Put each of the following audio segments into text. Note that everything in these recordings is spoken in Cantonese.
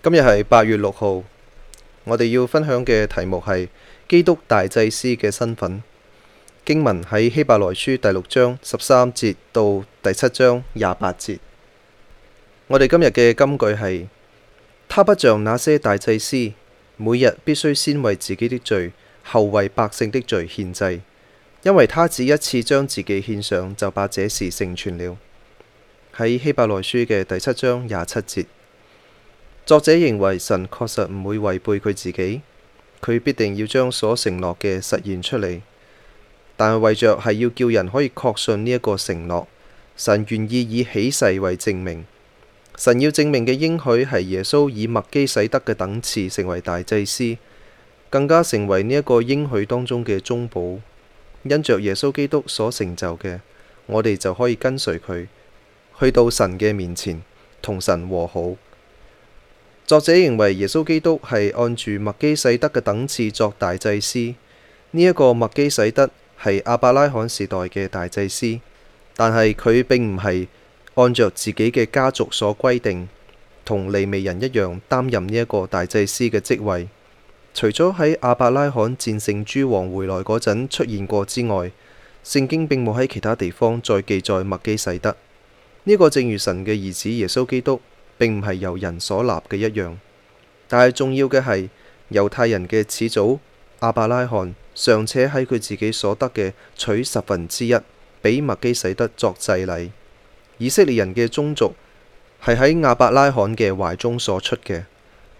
今日係八月六號，我哋要分享嘅題目係基督大祭司嘅身份。經文喺希伯來書第六章十三節到第七章廿八節。我哋今日嘅金句係：他不像那些大祭司，每日必須先為自己的罪，後為百姓的罪獻祭，因為他只一次將自己獻上，就把這事成全了。喺希伯來書嘅第七章廿七節。作者認為神確實唔會違背佢自己，佢必定要將所承諾嘅實現出嚟。但係為着係要叫人可以確信呢一個承諾，神願意以起誓為證明。神要證明嘅應許係耶穌以麥基洗德嘅等次成為大祭司，更加成為呢一個應許當中嘅中保。因着耶穌基督所成就嘅，我哋就可以跟隨佢，去到神嘅面前，同神和好。作者認為耶穌基督係按住麥基洗德嘅等次作大祭司。呢一個麥基洗德係阿伯拉罕時代嘅大祭司，但係佢並唔係按着自己嘅家族所規定，同利未人一樣擔任呢一個大祭司嘅職位。除咗喺阿伯拉罕戰勝諸王回來嗰陣出現過之外，聖經並冇喺其他地方再記載麥基洗德。呢個正如神嘅兒子耶穌基督。並唔係由人所立嘅一樣，但係重要嘅係猶太人嘅始祖亞伯拉罕尚且喺佢自己所得嘅取十分之一俾麥基洗德作祭禮，以色列人嘅宗族係喺亞伯拉罕嘅懷中所出嘅，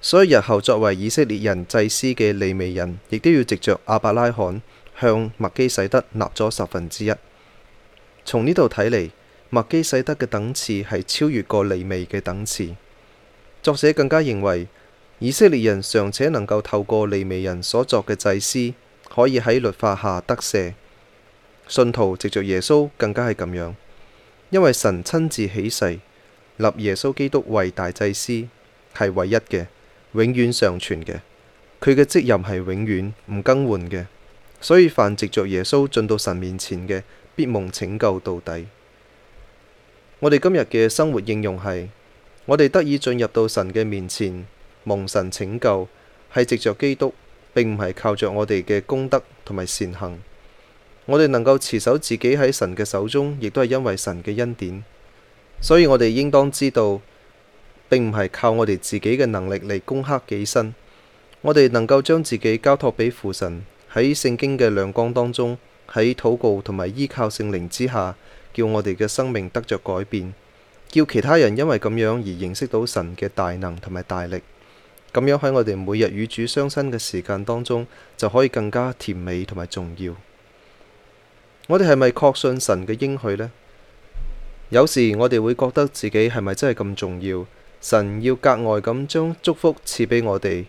所以日後作為以色列人祭司嘅利未人，亦都要藉着亞伯拉罕向麥基洗德立咗十分之一。從呢度睇嚟。麥基洗德嘅等次係超越過利未嘅等次。作者更加認為以色列人尚且能夠透過利未人所作嘅祭司，可以喺律法下得赦。信徒藉着耶穌更加係咁樣，因為神親自起誓立耶穌基督為大祭司，係唯一嘅、永遠常存嘅。佢嘅職任係永遠唔更換嘅，所以凡藉着耶穌進到神面前嘅，必蒙拯救到底。我哋今日嘅生活應用係，我哋得以進入到神嘅面前蒙神拯救，係藉着基督，並唔係靠着我哋嘅功德同埋善行。我哋能夠持守自己喺神嘅手中，亦都係因為神嘅恩典。所以我哋應當知道，並唔係靠我哋自己嘅能力嚟攻克己身。我哋能夠將自己交託俾父神，喺聖經嘅亮光當中，喺禱告同埋依靠聖靈之下。叫我哋嘅生命得着改變，叫其他人因為咁樣而認識到神嘅大能同埋大力。咁樣喺我哋每日與主相親嘅時間當中，就可以更加甜美同埋重要。我哋係咪確信神嘅應許呢？有時我哋會覺得自己係咪真係咁重要？神要格外咁將祝福賜俾我哋，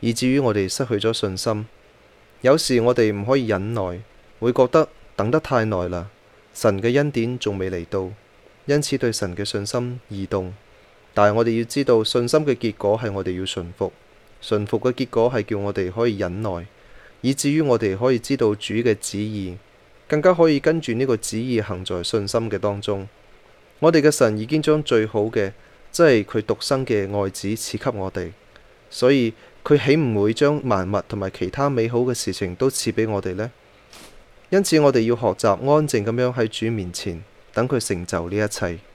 以至於我哋失去咗信心。有時我哋唔可以忍耐，會覺得等得太耐啦。神嘅恩典仲未嚟到，因此對神嘅信心搖動。但係我哋要知道，信心嘅結果係我哋要順服，順服嘅結果係叫我哋可以忍耐，以至於我哋可以知道主嘅旨意，更加可以跟住呢個旨意行在信心嘅當中。我哋嘅神已經將最好嘅，即係佢獨生嘅愛子賜給我哋，所以佢豈唔會將萬物同埋其他美好嘅事情都賜俾我哋呢？因此，我哋要學習安靜咁樣喺主面前，等佢成就呢一切。